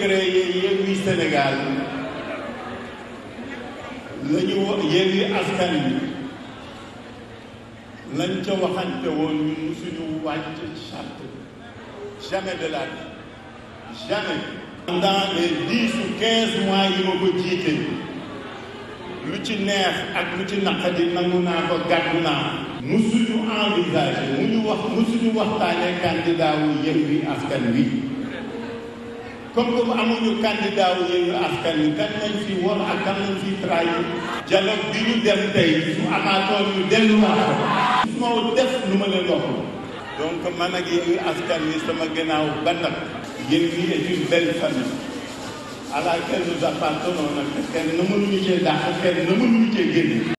créé Yewwi Sénégal la ñu wo Yewwi Askan Wi lañ ca waxante woon ñun musuñu wàcc charte jamais de la jamais pendant les ou quinze mois yi ma ko jiite lu ci neex ak lu ci naqadi nangu naa ko gàddu naa musuñu envisager mu ñu wax musuñu waxtaanee candidat wu Yewwi Askan Wi comme comme amuñu candidat wu Askan Wi kan lañ fi wor ak bi ñu dem tey su amaatoon ñu delluwaat moo def lu ma leen wax donc man ak Yewwi Askan Wi sama gannaaw bandak yéen ñi est une belle famille à laquelle nous appartenons nag kenn na mënuñu cee dàq kenn na mënuñu cee génne